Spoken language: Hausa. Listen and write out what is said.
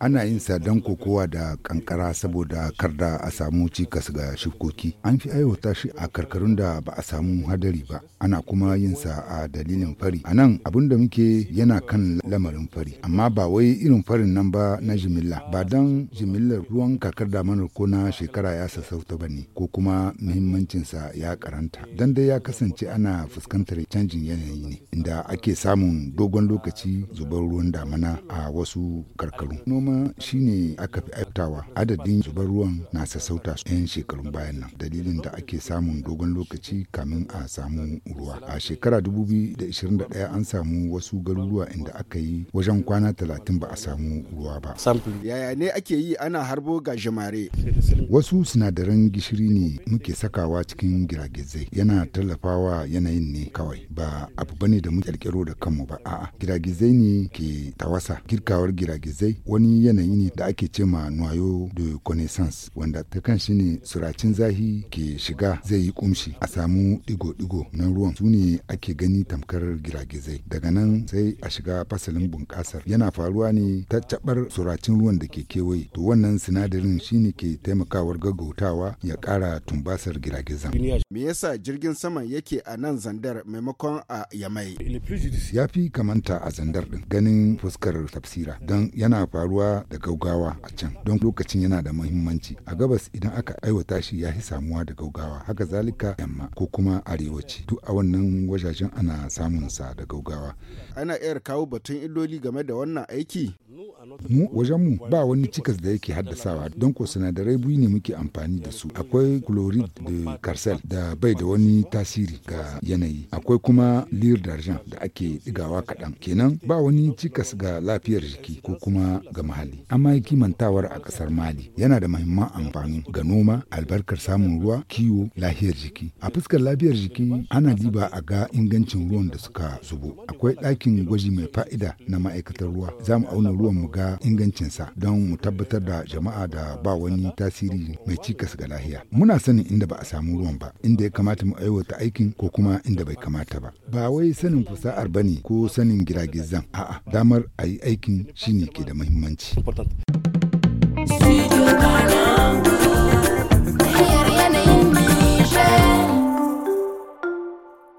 Ana yin sa don kokowa da kankara saboda kar da a samu cikas ga shukoki. An fi aiwata shi a karkarun da ba a samu hadari ba. Ana kuma yin sa a dalilin fari. A nan abin da muke yana kan lamarin fari. Amma ba wai irin farin nan ba na jimilla. Ba dan jimillar ruwan kakar manar ko na shekara ya sassauta ba ne ko kuma muhimmancinsa ya karanta. Dan dai ya kasance ana fuskantar canjin yanayi ne inda ake samun dogon lokaci zubar ruwan damana a wasu karkar shekaru noma shine aka fi aiftawa adadin zubar ruwan na sassauta yan shekarun bayan nan dalilin da ake samun dogon lokaci kamin a samu ruwa a shekara 2021 an samu wasu garuruwa inda aka yi wajen kwana 30 ba a samu ruwa ba yaya ne ake yi ana harbo ga jamare wasu sinadaran gishiri ne muke sakawa cikin giragizai yana tallafawa yanayin ne kawai ba abu bane da mu kirkiro da kanmu ba a'a giragizai ne ke tawasa girkawar giragizai wani yanayi ne da ake ce ma noyo de connaissance wanda ta kan shi ne suracin zahi ke shiga zai yi kumshi a samu digo-digo na ruwan su ne ake gani tamkar giragizai daga nan sai a shiga fasalin bunƙasar yana faruwa ne ta cabar suracin ruwan da ke kewaye to wannan sinadarin shine ke taimakawar gaggautawa ya ƙara tumbasar giragizan me yasa jirgin sama yake a nan zandar maimakon a yamai ya fi kamanta a zandar din ganin fuskar tafsira don yana yana faruwa da gaugawa a can don lokacin yana da muhimmanci a gabas idan aka aiwata shi ya fi samuwa da gaugawa haka zalika yamma ko kuma arewaci duk a wannan wajajen ana samun sa da gaugawa ana iya kawo batun illoli game da wannan aiki mu wajen mu ba wani cikas da yake haddasawa don ko sinadarai biyu ne muke amfani da su akwai chloride de carcel da bai da wani tasiri ga yanayi akwai kuma lire d'argent da ake digawa kaɗan kenan ba wani cikas ga lafiyar jiki ko kuma ga muhalli amma kimantawar a ƙasar mali yana da mahimman amfani ga noma albarkar samun ruwa kiwo lafiyar jiki a fuskar lafiyar jiki ana diba a ga ingancin ruwan da suka zubo akwai ɗakin gwaji mai fa'ida na ma'aikatar ruwa za mu auna ruwan mu ga ingancinsa don mu tabbatar da jama'a da ba wani tasiri mai cikas ga lahiya. Muna sanin inda ba a samu ruwan ba, inda ya kamata mu aiwata aikin ko kuma inda bai kamata ba. Ba wai sanin fusa'ar ba ne ko sanin giragizan, a'a damar a yi aikin shine ke da muhimmanci. Studio